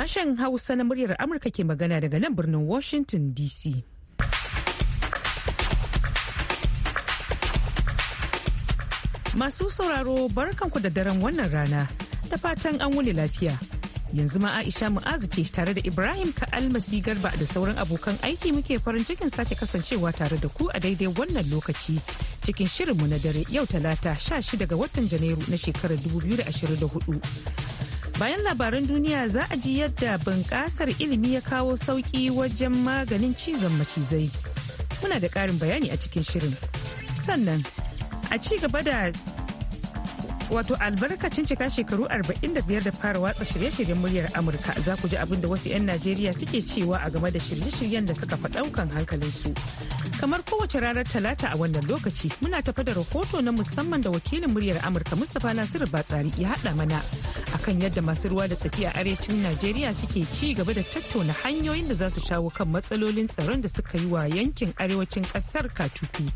Sashen Hausa na muryar Amurka ke magana daga nan birnin Washington DC. Masu sauraro barkanku da daren wannan rana ta fatan an wuni lafiya. Yanzu ma Aisha Mu'azu ce tare da Ibrahim ka almasi Garba da sauran abokan aiki muke farin cikin sake kasancewa tare da ku a daidai wannan lokaci cikin shirinmu na dare yau talata 16 ga watan Janairu na shekarar 2024. Bayan labaran duniya za a ji yadda bunƙasar ilimi ya kawo sauƙi wajen maganin cizon macizai. Muna da ƙarin bayani a cikin shirin. Sannan, a ci gaba da wato albarkacin cika shekaru 45 da fara watsa shirye-shiryen muryar amurka za ku ji abin da wasu 'yan najeriya suke cewa a game da shirye-shiryen da suka faɗaukan hankalin su kamar kowace ranar talata a wannan lokaci muna tafa da rahoto na musamman da wakilin muryar amurka mustapha nasiru batsari ya haɗa mana akan yadda masu ruwa da tsaki a arewacin najeriya suke ci gaba da tattauna hanyoyin da za su shawo kan matsalolin tsaron da suka yi wa yankin arewacin ƙasar katutu.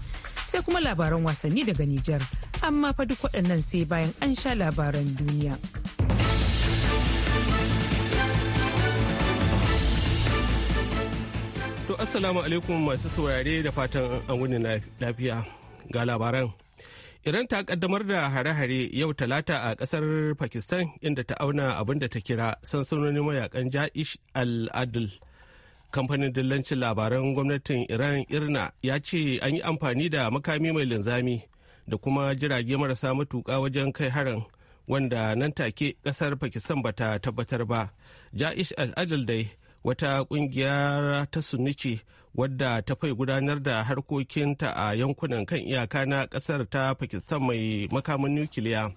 sai kuma labaran wasanni daga Nijar, amma fa duk waɗannan sai bayan an sha labaran duniya. To Assalamu alaikum masu saurare da fatan an wuni lafiya ga labaran. Iran ta kaddamar da hare-hare yau talata a kasar Pakistan inda ta auna abin da ta kira sansanonin mayakan Ja'ish al-Adl. al adl kamfanin dillancin labaran gwamnatin iran irna ya ce an yi amfani da makami mai linzami da kuma jirage marasa matuka wajen kai harin wanda nan take kasar pakistan ba ta tabbatar ba ja'ish al'adal dai wata kungiyar ta sunni ce wadda ta fai gudanar da harkokinta a yankunan kan iyaka na kasar ta pakistan mai makamin nukiliya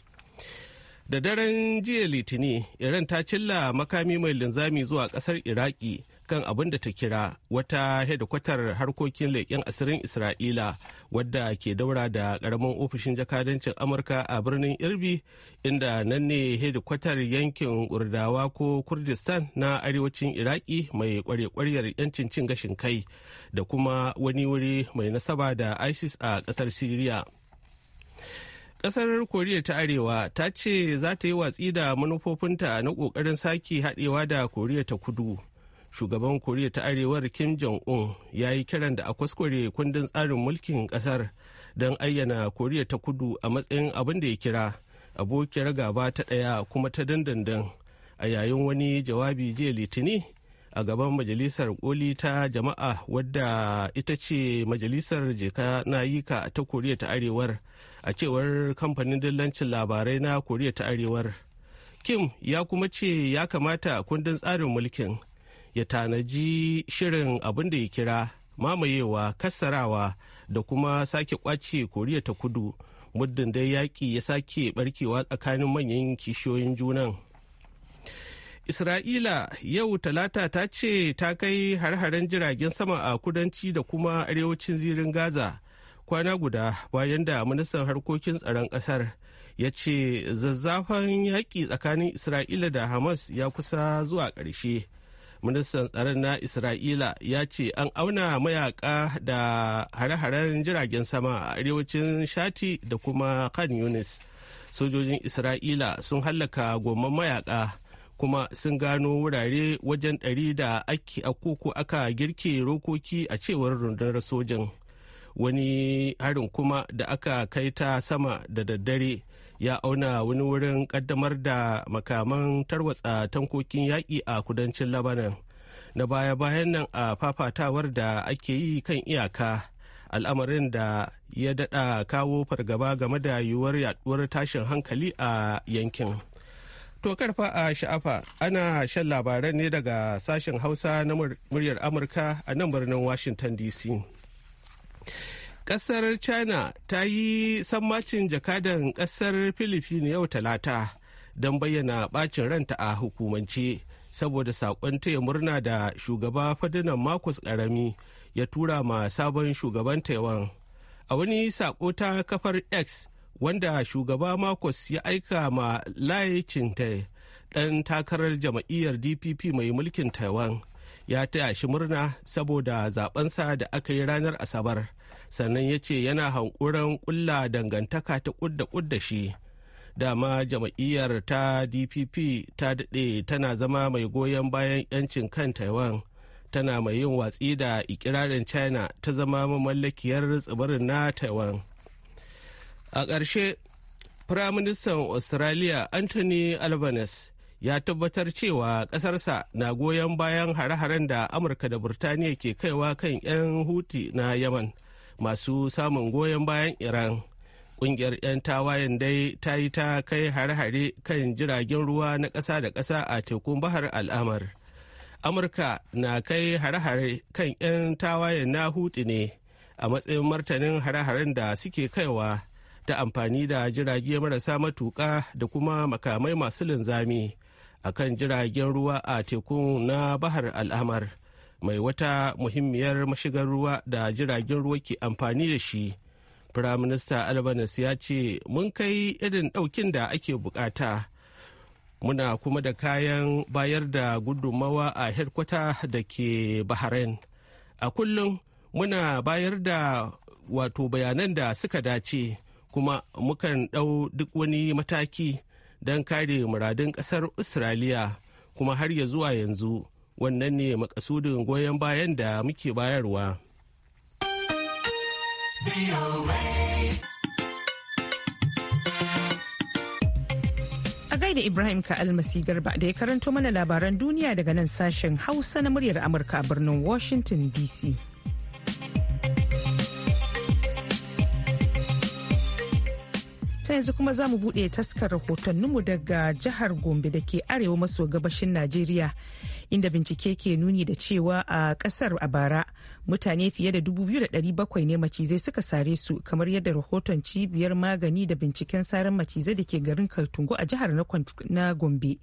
da daren jiya litinin iran ta cilla makami mai linzami zuwa kasar iraki kan abin da ta kira wata hedikwatar harkokin leƙen asirin isra'ila wadda ke daura da ƙaramin ofishin jakadancin amurka a birnin irbi inda nan ne hedikwatar yankin Urdawa ko kurdistan na arewacin iraki mai kware yancin cin gashin kai da kuma wani wuri mai nasaba da isis a ƙasar syria kasar koriya ta arewa ta ce za ta yi watsi da manufofinta na kokarin sake haɗewa da koriya ta kudu shugaban koriya ta arewar kim jong-un ya yi kiran da a kwaskware kundin tsarin mulkin kasar don ayyana koriya ta kudu a matsayin abin da ya kira abokiyar gaba ta ɗaya kuma ta dandandan a yayin wani jawabi jiya litini a gaban majalisar koli ta jama'a wadda ita ce majalisar jeka na yika ta koriya ta arewar a cewar kamfanin dillancin labarai na koriya ta arewar kim ya kuma ce ya kamata kundin tsarin mulkin ya tanaji shirin abin da ya kira mamayewa kassarawa da kuma sake kwace koriya ta kudu muddin dai yaƙi ya sake barkewa tsakanin manyan kishiyoyin junan isra'ila yau talata ta ce ta kai har-haren jiragen sama a kudanci da kuma arewacin zirin gaza kwana guda bayan da ministan harkokin tsaron ƙasar ya ce zazzafan yaƙi tsakanin isra'ila da hamas ya kusa zuwa ƙarshe ministan tsaron na isra'ila ya ce an auna mayaka da hare-haren jiragen sama a arewacin shati da kuma kan yunis sojojin isra'ila sun hallaka gomman mayaka kuma sun gano wurare wajen ɗari da ake koko aka girke rokoki a cewar rundunar sojin wani harin kuma da aka kai ta sama da daddare ya auna wani wurin kaddamar da makaman tarwatsa tankokin yaƙi a kudancin labanan na baya-bayan nan a fafatawar da ake yi kan iyaka al'amarin da ya daɗa kawo fargaba game da yiwuwar yaduwar tashin hankali a yankin to karfa a sha'afa ana shan labaran ne daga sashen hausa na muryar amurka a nan birnin washington dc Ƙasar China ta yi sammacin jakadan ƙasar Philippines yau talata don bayyana ɓacin ranta a hukumance saboda saƙon taya murna da shugaba Fadinan Marcos ƙarami ya tura ma sabon shugaban Taiwan. A wani saƙo ta kafar X wanda shugaba marcus ya aika ma Lai ɗan takarar jam'iyyar DPP mai mulkin Taiwan. ya taya shi murna saboda zabensa da aka yi ranar asabar sannan ya ce yana hankuran kulla dangantaka ta kudda kudda shi dama jama'iyyar ta dpp ta daɗe tana zama mai goyon bayan 'yancin kan taiwan tana mai yin watsi da ikirarin china ta zama mamallakiyar tsibirin na taiwan a ƙarshe firaministan australia anthony albanese ya tabbatar cewa ƙasarsa na goyon bayan hare-haren da amurka da burtaniya ke kaiwa kan 'yan huti na yaman masu samun goyon bayan iran kungiyar 'yan tawayen dai ta yi ta kai hare-hare kan jiragen ruwa na ƙasa da ƙasa a tekun bahar al'amar amurka na kai hare-hare kan 'yan tawayen na hutu ne a matsayin martanin hare-haren da suke kaiwa ta amfani da jirage marasa matuƙa da kuma makamai masu linzami a kan jiragen ruwa a tekun na bahar al'amar mai wata muhimmiyar mashigar ruwa da jiragen ruwa ke amfani da shi firaminista albanus ya ce mun kai irin ɗaukin da ake bukata muna kuma da kayan bayar da gudummawa a herkwata da ke bahrain a kullum muna bayar da wato bayanan da suka dace kuma mukan ɗau duk wani mataki don kare muradun ƙasar australia kuma har ya zuwa yanzu wannan ne makasudin goyon bayan da muke bayarwa a gaida ibrahim ka almasi garba da ya karanto mana labaran duniya daga nan sashen hausa na muryar amurka a birnin washington dc yanzu kuma za mu buɗe taskar rahotanninmu daga jihar Gombe da ke arewa maso gabashin Najeriya inda bincike ke nuni da cewa a ƙasar a bara mutane fiye da 2,700 ne macizai suka sare su kamar yadda rahoton cibiyar magani da binciken saran macizai da ke garin Kaltungo a jihar na Gombe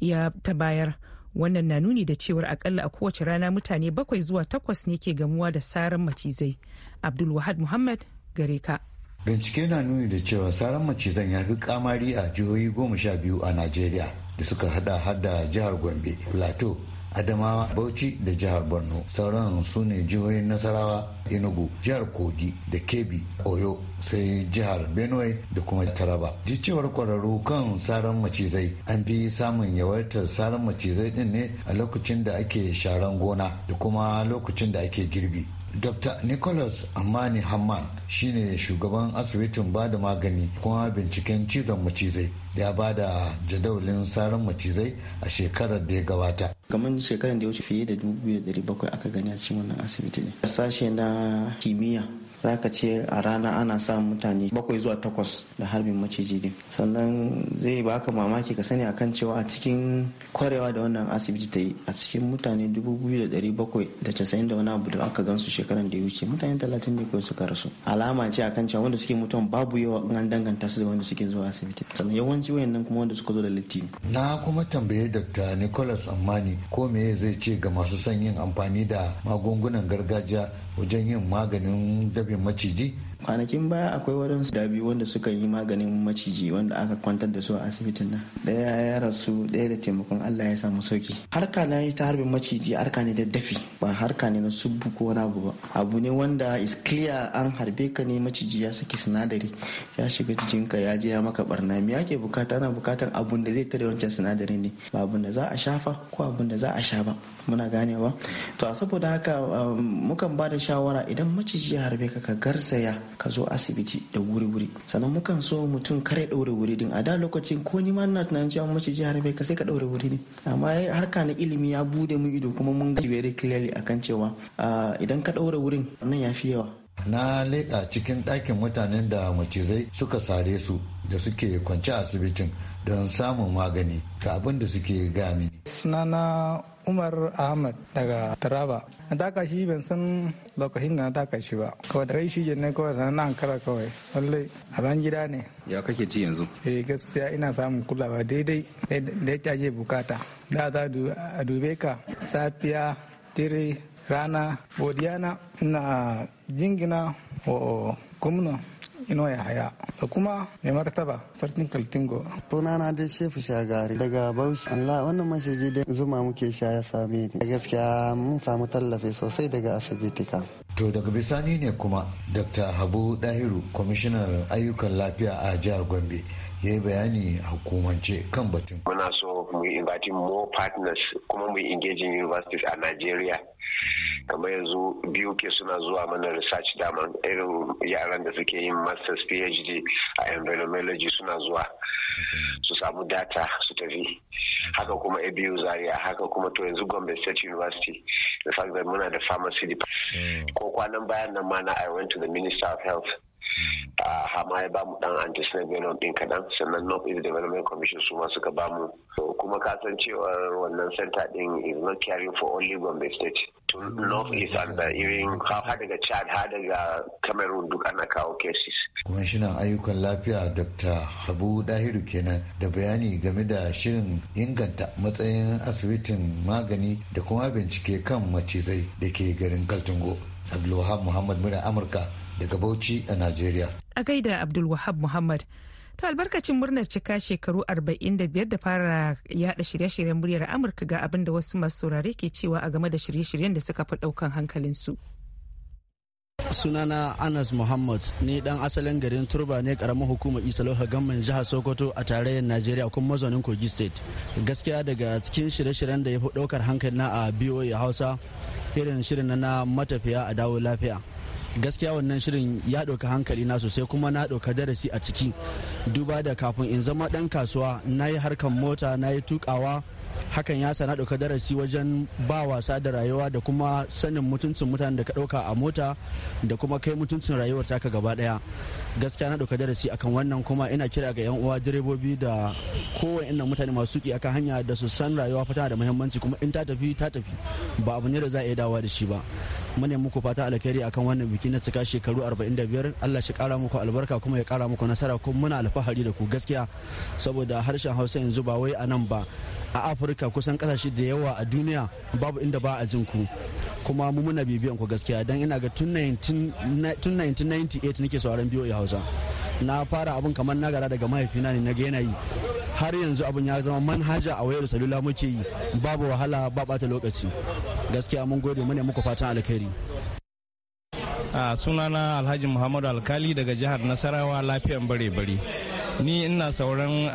ya ta bayar. Wannan na nuni da cewar akalla a kowace rana mutane bakwai zuwa takwas ne ke gamuwa da saran macizai. Abdul Muhammad gare ka. bincike na nuni da cewa saran macizan ya fi kamari a jihohi goma sha biyu a najeriya da suka hada hada jihar gombe plateau adamawa bauchi da jihar borno sauran su ne jihohin nasarawa enugu jihar kogi da kebbi oyo sai jihar benue da kuma taraba ji cewar kwararru kan saran macizai an fi samun yawaitar saran macizai din ne a lokacin da ake sharan gona da kuma lokacin da ake girbi dr nicholas amani hamman shine shugaban asibitin ba da magani kuma binciken cizon macizai ya ba da jadawalin tsarin macizai a shekarar da ya gabata kamar shekarar da ya wuce fiye da 2,700 aka gani a cikin wannan asibiti ne sashe na kimiyya za ka ce a rana ana sa mutane bakwai zuwa takwas da harbin maciji din sannan zai baka mamaki ka sani akan cewa a cikin kwarewa da wannan asibiti ta yi a cikin mutane dubu biyu da dari bakwai da casa'in da wani abu da aka gansu shekaran da ya wuce mutane talatin ne kawai suka rasu alama ce akan cewa wanda suke mutuwan babu yawa in an danganta su da wanda suke zuwa asibiti sannan yawanci wayannan kuma wanda suka zo da littini. na kuma tambaye dr nicholas amani ko me zai ce ga masu son yin amfani da magungunan gargajiya wajen yin maganin harbin maciji kwanakin baya akwai waɗansu da biyu wanda suka yi maganin maciji wanda aka kwantar da su a asibitin nan ɗaya ya rasu ɗaya da taimakon allah ya samu sauki harka na ta harbin maciji harka ne da dafi ba harka ne na subu ko wani abu ba abu ne wanda is clear an harbe ka ne maciji ya saki sinadari ya shiga jikinka ya je ya maka barna me ake bukata ana bukatan abun da zai tare wancan sinadarin ne ba abun da za a shafa ko abun da za a sha ba muna ganewa to a saboda haka um, mukan ba da shawara idan maciji ya harbe ka ka garsaya ka zo asibiti da wuri-wuri sannan mukan so mutum kare ɗaure wuri din a da lokacin ko ni ma na tunanin cewa mace jihar bai ka sai ka ɗaure wuri din amma harka na ilimi ya bude mu ido kuma mun ga very clearly akan cewa idan ka ɗaure wurin nan ya fi yawa na leƙa cikin ɗakin mutanen da macizai suka sare su da suke kwance asibitin don samun magani ga abin da suke gami. sunana Umar Ahmad daga Taraba. Na taka shi ban san lokacin da na taka shi ba. Kawai da shi ne kawai da na Ankara kawai. Lallai a ban gida ne. Ya kake ji yanzu? Eh gaskiya ina samun kulawa daidai da ya kyaje bukata. Da za a dube ka safiya dire rana godiya na ina jingina wa gwamna ino ya haya da kuma mai martaba sarkin kaltingo na dai shefu shagari daga bauchi allah wannan mashaji dai zuma muke sha ya same ni gaskiya mun samu tallafi sosai daga asibiti ka to daga bisani ne kuma dr habu dahiru kwamishinan ayyukan lafiya a jihar gombe ya yi bayani a hukumance kan batun. Muna so mu invite more partners kuma mu engaging universities a Nigeria. kamar yanzu biyu ke suna zuwa mana research daman irin yaran da suke yin masters phd a environmentology suna zuwa su samu data su tafi haka kuma abu zaria haka kuma to yanzu gombe state university the fact that muna da pharmacy department mm. ko kwanan bayan nan ma na i went to the minister of health Mm. a ah, ma ya bamu dan antisnavelon din kadan sannan north east development commission su ma suka bamu kuma cewa wannan center din is not caring for only gombe state to north east and irin har daga chad daga cameroon duk ana kawo cases kwamishinan ayyukan lafiya dr habu dahiru kenan da bayani game da shirin inganta matsayin asibitin magani da kuma bincike kan macizai da ke garin kaltungo abdulwahab muhammad muna amurka daga Bauchi a Najeriya. A gaida Abdulwahab Muhammad. To albarkacin murnar cika shekaru 45 da fara yada shirye-shiryen muryar Amurka ga abin da wasu masu saurare ke cewa a game da shirye-shiryen da suka fi daukan su. sunana anas muhammad ne dan asalin garin turba ne karamin hukumar isa gamman jihar sokoto a tarayyar najeriya kuma mazaunin kogi state gaskiya daga cikin shirye-shiryen da ya fi daukar hankali na a boa hausa irin shirin na matafiya a dawo lafiya gaskiya wannan shirin ya ɗauka hankali na sosai kuma na ɗauka darasi a ciki duba da kafin in zama ɗan kasuwa na yi harkan mota na yi tukawa hakan ya sana ɗauka darasi wajen ba wasa da rayuwa da kuma sanin mutuncin mutanen da ka ɗauka a mota da kuma kai mutuncin rayuwar taka gaba ɗaya gaskiya na ɗauka darasi akan wannan kuma ina kira ga yan uwa direbobi da kowane inda mutane masu tuki akan hanya da su san rayuwa fata da muhimmanci kuma in ta tafi ta tafi ba abu ne da za a iya dawa da shi ba mu ne muku fata alkhairi akan wannan biki na cika shekaru 45 Allah shi kara muku albarka kuma ya kara muku nasara kuma muna alfahari da ku gaskiya saboda harshen Hausa yanzu ba wai a nan ba a Afirka kusan kasashe da yawa a duniya babu inda ba a jin ku kuma mu muna bibiyan ku gaskiya dan ina ga tun 1998 nake sauraron biyo Hausa na fara abin kamar nagara gara daga mahaifina ne na ga yanayi har yanzu abin ya zama manhaja a wayar salula muke yi babu wahala ba bata lokaci gaskiya mun gode mu muku fatan alkhairi sunana alhaji muhammadu alkali daga jihar nasarawa lafiyan bare-bare ni ina sauran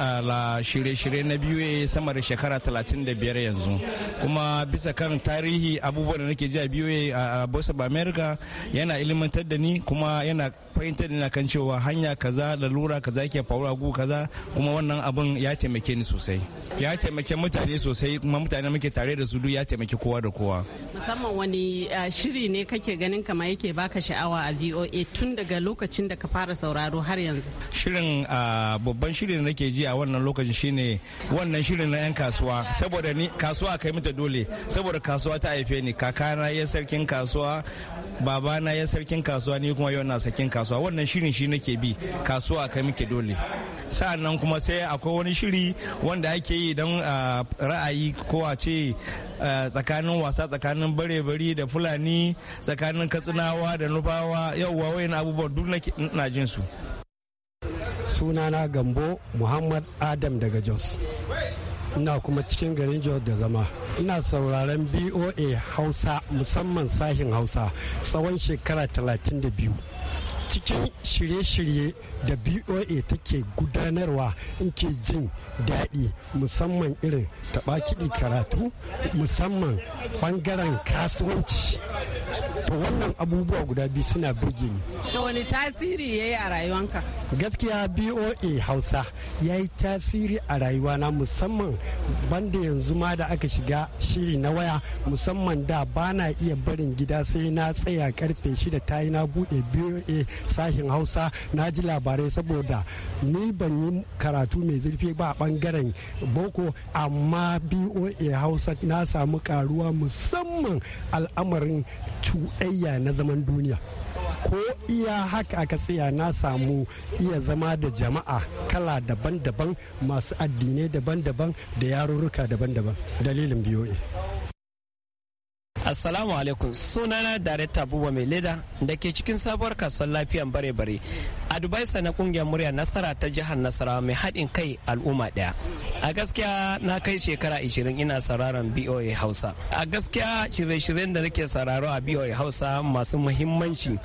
shirye-shirye na biyu eh, sama da shekara 35 yanzu kuma bisa kan tarihi abubuwan da nake jiya a biyu eh, a bosa of america yana ilimantar da ni kuma yana fahimtar da ni kan cewa hanya kaza da lura kaza ke faruwa gu kaza kuma wannan abin ya taimake ni sosai ya taimake mutane sosai kuma mutane muke tare da su duk ya taimake kowa da kowa musamman wani shiri ne kake ganin kama yake baka sha'awa a voa tun daga lokacin da ka fara sauraro har yanzu shirin babban shirin da nake ji a wannan lokacin shine wannan shirin na 'yan kasuwa saboda ni kasuwa kai mata dole saboda kasuwa ta haife ni kakana ya sarkin kasuwa babana ya sarkin kasuwa ni kuma yau na sarkin kasuwa wannan shirin shi nake bi kasuwa kai muke dole sa'annan kuma sai akwai wani shiri wanda ake yi don ra'ayi ko a ce tsakanin wasa tsakanin bare-bari da fulani tsakanin katsinawa da nufawa yauwa wayan abubuwan duk na jin su sunana gambo muhammad adam daga jos ina kuma cikin garin jos da zama ina sauraron boa hausa musamman sahin hausa tsawon shekara 32 cikin shirye-shirye da boa take gudanarwa in ke jin daɗi musamman irin taɓa kiɗi karatu musamman ɓangaren kasuwanci to wannan abubuwa guda biyu suna birge ni da wani tasiri ya yi a rayuwanka gaskiya boa hausa ya yi tasiri a rayuwana musamman banda yanzu ma da aka shiga shiri na waya musamman da bana iya barin gida sai na tsaya karfe shida ta yi na buɗe boa sashen hausa na ji labarai saboda ni ban yi karatu mai zurfi ba a bangaren boko amma boa hausa na samu karuwa musamman al'amarin cuɗayya na zaman duniya ko iya haka aka tsaya na samu iya zama da jama'a kala daban-daban masu addinai daban-daban da yarurruka daban-daban dalilin biyoyi Assalamu alaikum sunana Darekta Buba Mai Leda da ke cikin sabuwar kasuwar lafiyan bare-bare. a dubai na kungiyar murya nasara ta jihar nasara mai haɗin kai al'umma ɗaya. A gaskiya na kai shekara 20 ina sauraron BOA Hausa. A gaskiya shirye-shiryen da nake sauraro a BOA Hausa masu muhimmanci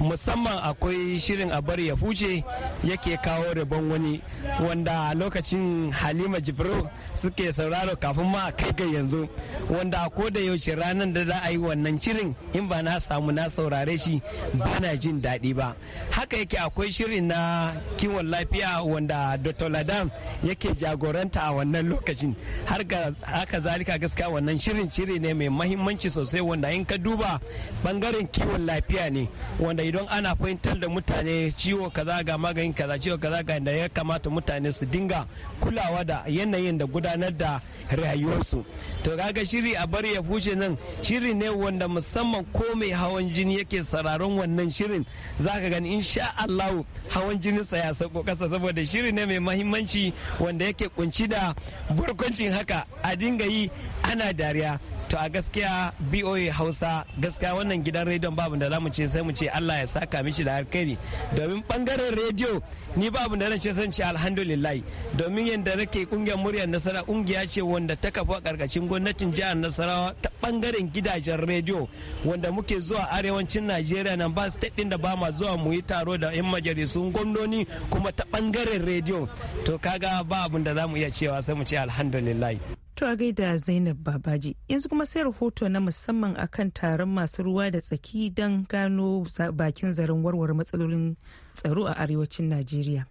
musamman akwai shirin a bari ya huce yake kawo rabon wani wanda lokacin Halima Jibril suke sauraro kafin ma kai ga yanzu wanda a koda yaushe ranar da da za a yi wannan shirin in ba na samu na saurare shi ba na jin daɗi ba haka yake akwai shirin na kiwon lafiya wanda dr ladam yake jagoranta a wannan lokacin har haka zalika gaskiya wannan shirin shiri ne mai mahimmanci sosai wanda in ka duba bangaren kiwon lafiya ne wanda idan ana fahimtar da mutane ciwo kaza ga maganin kaza ciwo kaza ga da ya kamata mutane su dinga kulawa da yanayin da gudanar da rayuwarsu to kaga shiri a bari ya fushe nan shiri ne wanda musamman ko mai hawan jini yake sararin wannan shirin za ka gani insha Allah hawan jini ya sauko kasa saboda shiri ne mai mahimmanci wanda yake kunci da barkwancin haka a dinga yi ana dariya to a gaskiya BOA Hausa gaskiya wannan gidan rediyon babu da zamu ce sai mu ce Allah ya saka mishi da alkhairi domin bangaren rediyo ni babu da ce san ce alhamdulillah domin yadda nake kungiyar muryar nasara kungiya ce wanda ta kafa karkashin gwamnatin jihar Nasarawa ta bangaren gidajen rediyo wanda muke zuwa arewacin Najeriya nan ba state din da ba ma zuwa mu yi taro da yan majalisun gwamnoni kuma ta bangaren rediyo to kaga ba abin da zamu iya cewa sai mu ce alhamdulillah To a gaida Zainab Babaji yanzu kuma sai rahoto na musamman akan taron masu ruwa da tsaki don gano bakin zaren warware matsalolin tsaro a arewacin Najeriya.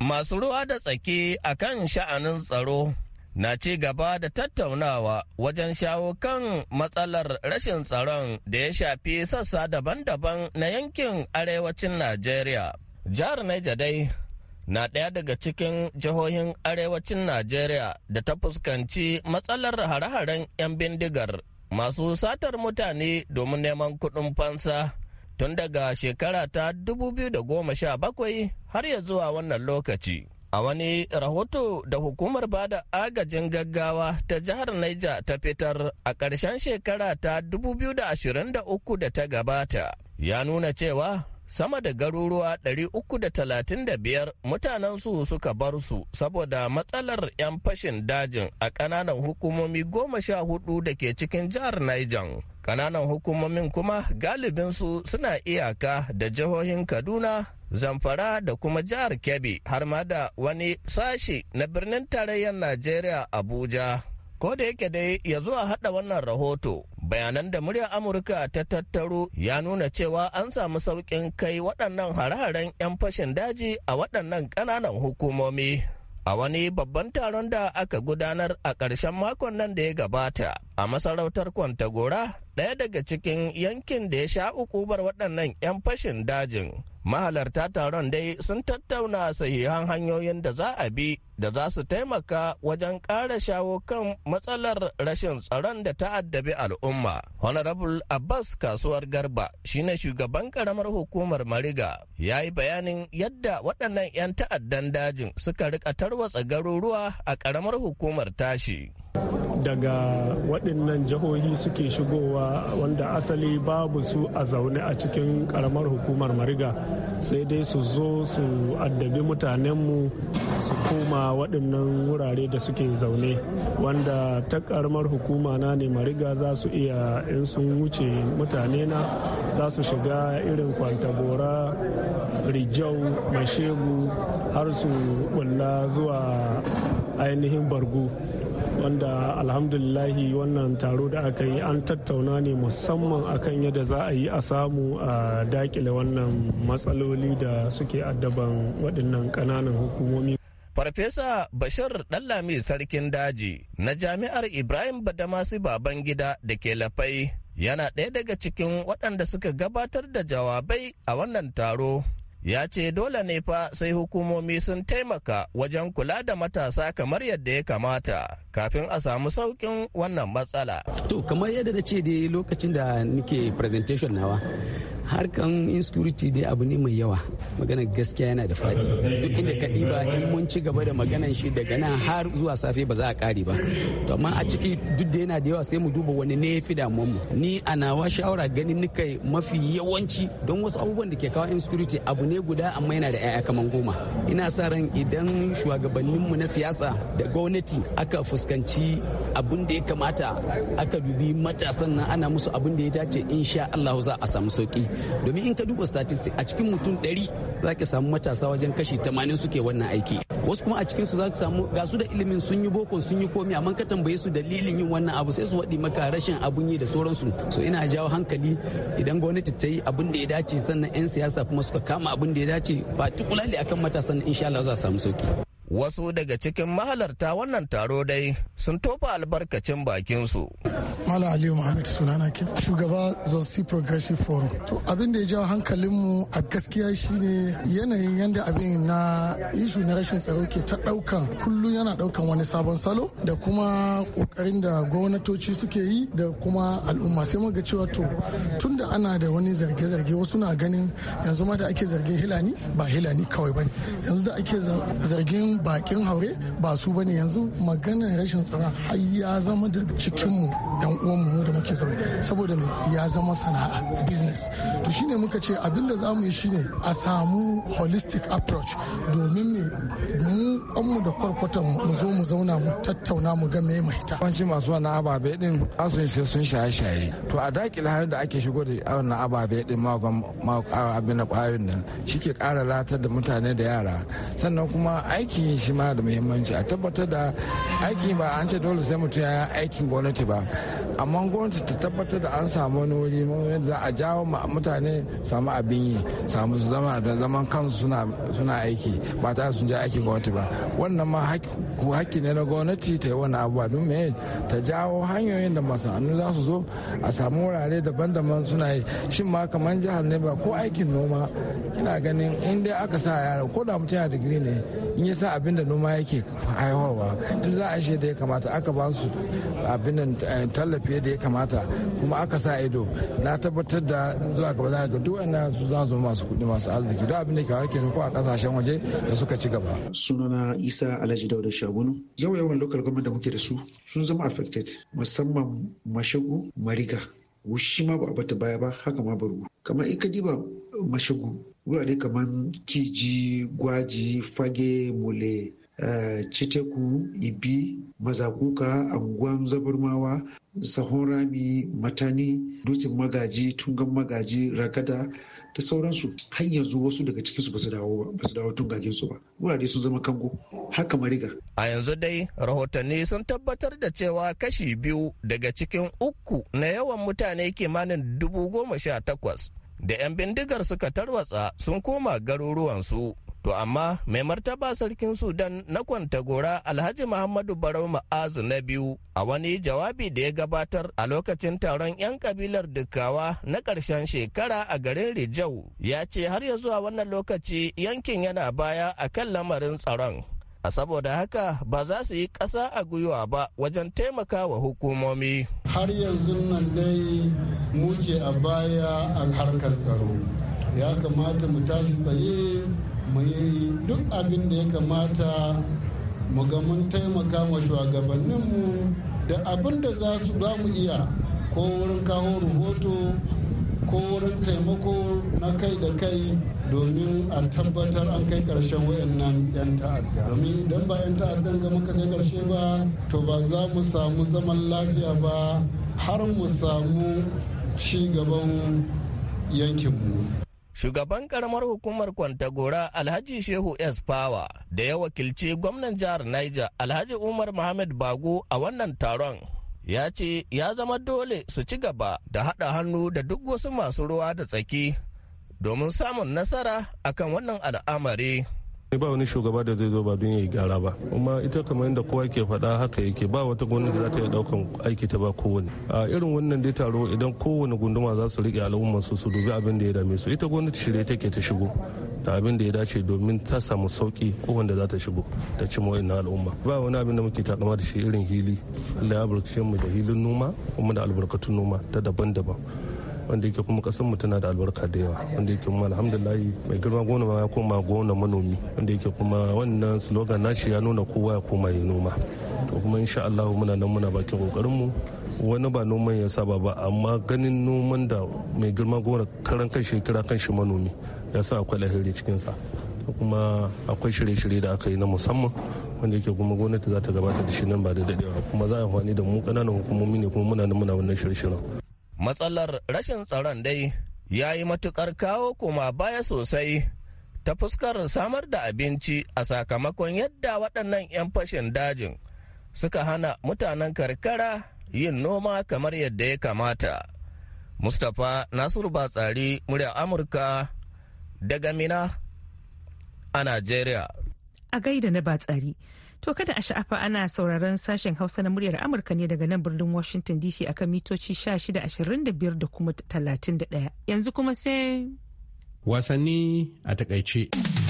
Masu ruwa da tsaki a kan sha'anin tsaro na ci gaba da tattaunawa wajen shawo kan matsalar rashin tsaron da ya shafi sassa daban-daban na yankin arewacin Najeriya. Jihar Niger dai na ɗaya daga cikin jihohin arewacin Najeriya da ta fuskanci matsalar hare-haren 'yan bindigar masu satar mutane domin neman kuɗin fansa tun daga shekara ta 2017 har ya zuwa wannan lokaci. A wani rahoto da hukumar bada agajin gaggawa ta jihar Niger ta fitar a ƙarshen shekara ta 2023 da ta gabata ya nuna cewa sama da garuruwa 335 mutanensu suka bar su saboda matsalar 'yan fashin dajin a ƙananan hukumomi goma sha hudu da ke cikin jihar Niger. Ƙananan hukumomin kuma galibinsu suna iyaka da jihohin Kaduna, Zamfara da kuma jihar Kebbi har ma da wani sashi na birnin tarayyar Najeriya Abuja. Ko da yake dai ya zuwa haɗa wannan rahoto, bayanan da muryar Amurka ta tattaro ya nuna cewa an samu sauƙin kai waɗannan hare-haren 'yan fashin daji a waɗannan ƙananan hukumomi. a wani babban taron da aka gudanar a ƙarshen makon nan da ya gabata a masarautar kwantagora ɗaya daga cikin yankin da ya sha ukubar waɗannan 'yan fashin dajin mahalarta taron dai sun tattauna sahihan hanyoyin da za a bi da za su taimaka wajen ƙara shawo kan matsalar rashin tsaron da ta addabi al'umma honorable abbas kasuwar garba shine shugaban ƙaramar hukumar mariga ya yi bayanin yadda waɗannan 'yan ta'addan dajin suka rika tarwatsa garuruwa a ƙaramar hukumar tashi daga waɗannan jihohi suke shigowa wanda asali babu su a zaune a cikin ƙaramar hukumar mariga sai dai su zo su addabi mutanenmu su koma waɗannan wurare da suke zaune wanda ta ƙaramar hukuma na ne mariga za su iya in sun wuce mutane na za su shiga irin kwantabora rijau mashegu har su bulla zuwa ainihin bargu wanda alhamdulillahi wannan taro da aka yi an tattauna ne musamman akan yadda za a yi a samu a dakile wannan matsaloli da suke addaban waɗannan ƙananan hukumomi Farfesa Bashir Ɗanlami Sarkin Daji na Jami'ar Ibrahim Badamasi Babangida da ke Lafai yana ɗaya daga cikin waɗanda suka gabatar da jawabai a wannan taro ya ce dole ne fa sai hukumomi sun taimaka wajen kula da matasa kamar yadda ya kamata kafin a samu saukin wannan matsala. To kamar yadda na ce dai lokacin da nike presentation nawa harkan insecurity dai abu ne mai yawa magana gaskiya yana da faɗi duk inda ka ɗiba in mun ci gaba da maganan shi daga nan har zuwa safe ba za a ƙare ba to amma a ciki duk da yana da yawa sai mu duba wani ne ya fi damuwar mu ni a nawa shawara ganin nika mafi yawanci don wasu abubuwan da ke kawo insecurity abu ne ne guda amma yana da 'ya'ya kaman goma ina sa ran idan shugabanninmu na siyasa da gwamnati aka fuskanci abin da ya kamata aka dubi matasan nan ana musu abin da ya dace insha Allah za a samu sauki domin in ka duba statistics a cikin mutum 100 za ki samu matasa wajen kashi 80 suke wannan aiki wasu kuma a cikin su za ka samu ga su da ilimin sun yi boko sun yi komi amma ka tambaye su dalilin yin wannan abu sai su waɗi maka rashin abun yi da sauransu so ina jawo hankali idan gwamnati ta yi abin da ya dace sannan 'yan siyasa kuma suka kama abin da ya dace ba tukulali akan matasan insha Allah za su samu sauki wasu daga cikin mahalarta wannan taro dai sun tofa albarkacin bakinsu. Mala Aliyu Muhammad sunana ke shugaba Zosi Progressive Forum. To abin da ya jawo hankalinmu a gaskiya shine yanayin yadda abin na ishu na rashin tsaro ke ta daukan kullum yana daukan wani sabon salo da kuma kokarin da gwamnatoci suke yi da kuma al'umma sai muga cewa to tunda ana da wani zarge-zarge wasu na ganin yanzu ma da ake zargin hilani ba hilani kawai bane yanzu da ake zargin bakin haure ba su bane yanzu maganar rashin tsaron har ya zama da cikinmu yan uwanmu mu da muke zaune saboda me ya zama sana'a business to shine muka ce abinda za mu yi shine a samu holistic approach domin me mu kwanmu da kwarkwata mu zo mu zauna mu tattauna mu ga mai ta wancin masu wannan ababe din asu sai sun shaye-shaye to a dakile har da ake shigo da wannan ababe din ma abin da kwayoyin nan shi kara latar da mutane da yara sannan kuma aikin shi ma da muhimmanci a tabbatar da aiki ba an ce dole sai mutum ya aikin gwamnati ba amma gwamnati ta tabbatar da an samu wani wuri yadda za a jawo mutane samu abin yi samu su zama da zaman kansu suna aiki ba ta sun je aiki gwamnati ba wannan ma haƙƙi ne na gwamnati ta yi wani abuwa don me ta jawo hanyoyin da masana'antu za su zo a samu wurare daban-daban suna yi shin ma kamar jihar ne ba ko aikin noma kina ganin in aka sa yara ko da mutum yana digiri ne in ya sa abin da noma yake haihuwa in za a shi da ya kamata aka ba su abin eh, tallafi da ya kamata kuma aka sa ido na tabbatar da zuwa gaba za ga duk wannan su za zama masu kuɗi masu arziki duk abin da ke harkar ko a kasashen waje da suka ci gaba sunana isa alhaji dauda shagunu yau yawan local government da muke da su sun zama affected musamman mashagu mariga wushi ma ba a bata baya ba haka ma barugu kamar in ka diba mashagu wurare kamar kiji gwaji fage mule Eh, citeku ibi mazakuka anguwan zaburmawa sahon rami matani dutsen magaji tungan magaji ragada da sauransu har yanzu wasu daga cikinsu ba su dawo ba su dawo tungagen su ba wurare sun zama kango haka mariga a yanzu dai rahotanni sun tabbatar da cewa kashi biyu daga cikin uku na yawan mutane kimanin dubu goma sha takwas da 'yan bindigar suka tarwatsa sun koma garuruwansu To amma mai martaba sarkin Sudan na kwanta gora Alhaji Muhammadu Barau Ma'azu na biyu a wani jawabi da ya gabatar a lokacin taron 'yan kabilar Dukkawa na ƙarshen shekara a garin Rijau ya ce har ya zuwa wannan lokaci yankin yana baya a kan lamarin tsaron. A saboda haka ba za su yi ƙasa a gwiwa ba wajen taimaka wa hukumomi. Har yanzu nan dai muke a baya a harkar tsaro. Ya kamata mu tashi tsaye mu yi duk abin da ya kamata mu ga mun taimaka ma shugabanninmu da abin da za su ba mu iya ko wurin kawo rahoto ko wurin taimako na kai da kai domin a tabbatar an kai karshen wayannan 'yan ta'adda domin idan ba 'yan ta'addan ga muka kai karshe ba to ba za mu samu zaman lafiya ba har mu samu ci gaban yankinmu shugaban karamar hukumar kwantagora alhaji shehu s fawa da ya wakilci gwamnan jihar niger alhaji umar mohamed bago a wannan taron ya ce ya zama dole su ci gaba da haɗa hannu da duk wasu masu ruwa da tsaki domin samun nasara akan wannan al'amari ba wani shugaba da zai zo ba don ya yi gyara ba kuma ita kamar yadda kowa ke faɗa haka yake ba wata gwamnati da za ta iya ɗaukan aiki ta ba kowane a irin wannan dai taro idan kowane gunduma za su riƙe al'umma su su dubi abin da ya dame su ita gwamnati shirye take ta shigo da abin da ya dace domin ta samu sauki ko wanda za ta shigo ta ci mawa'in al'umma ba wani abin da muke takama da shi irin hili Allah ya albarkace mu da hilin noma kuma da albarkatun noma ta daban-daban wanda yake kuma kasan mu tana da albarka da yawa wanda yake kuma alhamdulillah mai girma gona ya koma gona manomi wanda yake kuma wannan slogan nashi ya nuna kowa ya koma ya noma to kuma insha Allah muna nan muna bakin kokarin mu wani ba noman ya saba ba amma ganin noman da mai girma gona karan kan shekara kan shi manomi ya sa akwai lahiri cikinsa kuma akwai shirye-shirye da aka yi na musamman wanda yake kuma gwamnati za ta gabata da shi nan ba da dadewa kuma za a amfani da mu kananan hukumomi ne kuma muna nan muna wannan shirye-shiryen matsalar rashin tsaron dai ya yi matukar kawo kuma baya sosai ta fuskar samar da abinci a sakamakon yadda waɗannan 'yan fashin dajin suka hana mutanen karkara yin noma kamar yadda ya kamata mustapha nasiru batsari murya amurka daga mina a najeriya a gaida na batsari To kada a sha'afa ana sauraron sashen Hausa na muryar Amurka ne daga nan birnin Washington DC akan mitoci 1625 da kuma 31. Yanzu kuma sai wasanni a takaice.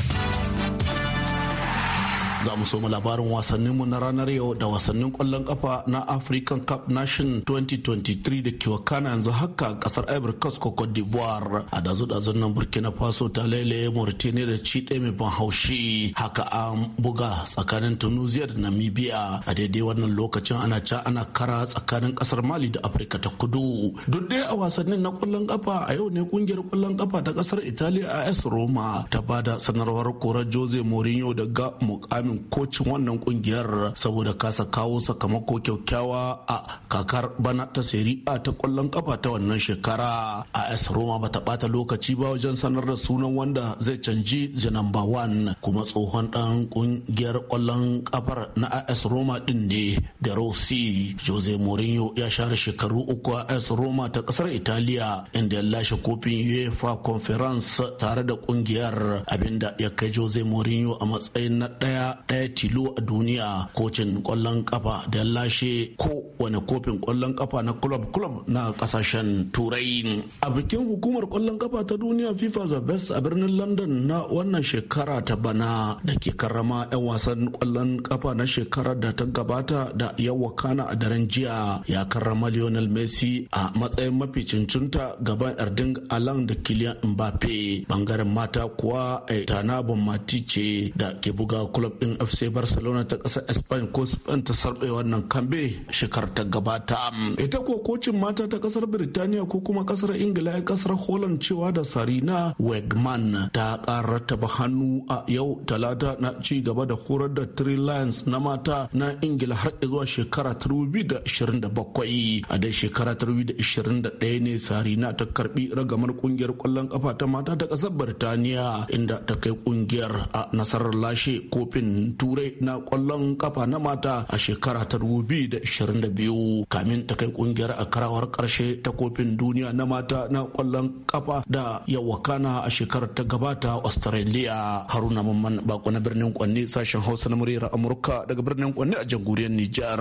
Za mu soma labarin wasanninmu na ranar yau da wasannin kwallon kafa na African Cup Nation 2023 da ke wakana yanzu haka kasar Ivory Coast ko Cote d'Ivoire. A dazu dazun nan Burkina Faso ta lailaye Mauritania da ci ɗaya mai ban haushi. Haka an buga tsakanin Tunisia da Namibia. A daidai wannan lokacin ana can ana kara tsakanin kasar Mali da Afirka ta Kudu. Duk dai a wasannin na kwallon kafa a yau ne kungiyar kwallon kafa ta kasar Italiya AS Roma ta bada sanarwar korar Jose Mourinho daga mukamin kocin wannan kungiyar saboda kasa kawo sakamako kyakkyawa a kakar bana ta seri a ta kwallon kafa ta wannan shekara A AS Roma ba ta bata lokaci ba wajen sanar da sunan wanda zai canji the number one kuma tsohon dan kungiyar kwallon kafar na AS Roma din ne da Rossi Jose Mourinho ya share shekaru uku a AS Roma ta kasar Italiya inda ya lashe kofin UEFA Conference tare da kungiyar abinda ya kai Jose Mourinho a matsayin na ɗaya. ɗaya tilo a duniya kocin kwallon kafa da lashe ko wani kofin kwallon kafa na club club na ƙasashen turai a bikin hukumar kwallon ƙafa ta duniya fifa the best a birnin london na wannan shekara ta bana da ke karama 'yan wasan kwallon ƙafa na shekara da ta gabata da yawa kana a daren jiya ya karama lionel messi a matsayin mafi cincinta gaban erding alan da kilian mbappe bangaren mata kuwa a eh, tana mati ce da ke buga club din FC Barcelona ta ƙasar Spain ko Spain ta sarbe wannan kambe shekar ta gabata. Ita ko kocin mata ta ƙasar Birtaniya ko kuma ƙasar Ingila ya ƙasar Holland cewa da Sarina Wegman ta ƙara taba hannu a yau talata na ci gaba da horar da Three Lions na mata na Ingila har zuwa shekara 2027. A dai shekara 2021 ne Sarina ta karbi ragamar kungiyar ƙwallon kafa ta mata ta ƙasar Birtaniya inda ta kai kungiyar a nasarar lashe kofin turai na kwallon kafa na mata a shekara ta 2022 kamin ta kai kungiyar a karawar karshe ta kofin duniya na mata na kwallon kafa da yawakana a shekarar ta gabata australia haruna mamman bako na birnin kwanne sashen hausa na muryar amurka daga birnin kwanne a jamhuriyar nijar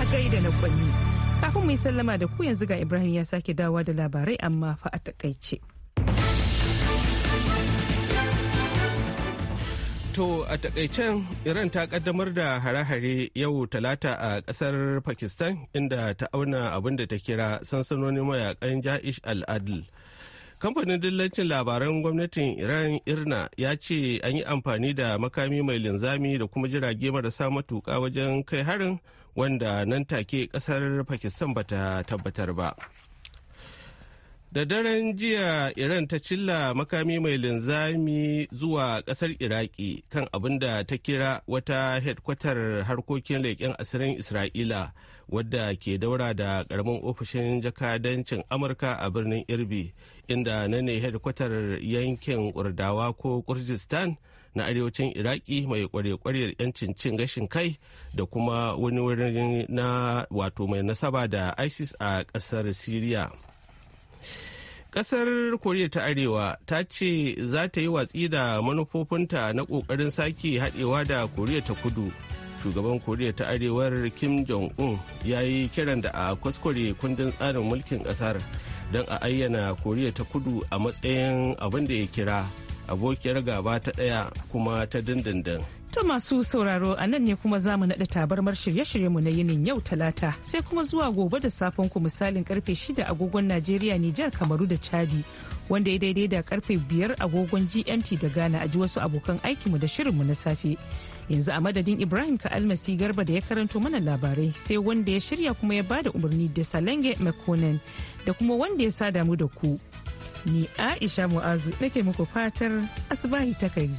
a na kafin mu sallama da ku yanzu ga ibrahim ya sake dawa da labarai amma fa a takaice To a takaicen Iran ta kaddamar da hare-hare yau talata a kasar Pakistan inda ta auna abin da ta kira sansanonin mayakan Ja'ish al-Adl. Kamfanin dillancin labaran gwamnatin Iran Irna ya ce an yi amfani da makami mai linzami da kuma jirage marasa matuka wajen kai harin wanda nan take kasar Pakistan bata tabbatar ba. Da daren jiya Iran ta cilla makami mai linzami zuwa kasar Iraki kan abin da ta kira wata hedkwatar harkokin leƙen asirin Isra'ila wadda ke daura da ƙaramin ofishin jakadancin Amurka a birnin Irbi inda na ne hedkwatar yankin Urdawa ko kurdistan na arewacin Iraki mai kware 'yancin cin gashin kai da kuma wani wurin na wato mai nasaba da ISIS a ƙasar Siriya. Ƙasar Koriya ta Arewa ta ce za ta yi watsi da manufofinta na ƙoƙarin sake haɗewa da Koriya ta Kudu. Shugaban Koriya ta Arewar Kim Jong-un ya yi kiran da a kwaskware kundin tsarin mulkin ƙasar don a ayyana Koriya ta Kudu a matsayin abin da ya kira abokiyar gaba ta ɗaya kuma ta dindindin. To masu sauraro a nan ne kuma zamu naɗa tabarmar shirye mu na yinin yau talata sai kuma zuwa gobe da safen ku misalin karfe shida agogon Najeriya Nijar Kamaru da Chadi wanda ya daidai da karfe 5 agogon GMT da Ghana a ji wasu abokan aiki mu da shirin mu na safe. Yanzu a madadin Ibrahim ka almasi Garba da ya karanto mana labarai sai wanda ya shirya kuma ya bada umarni da Salange Mekonen da kuma wanda ya sada mu da ku. ni aisha mu'azu nake muku fatar asibahi ta kai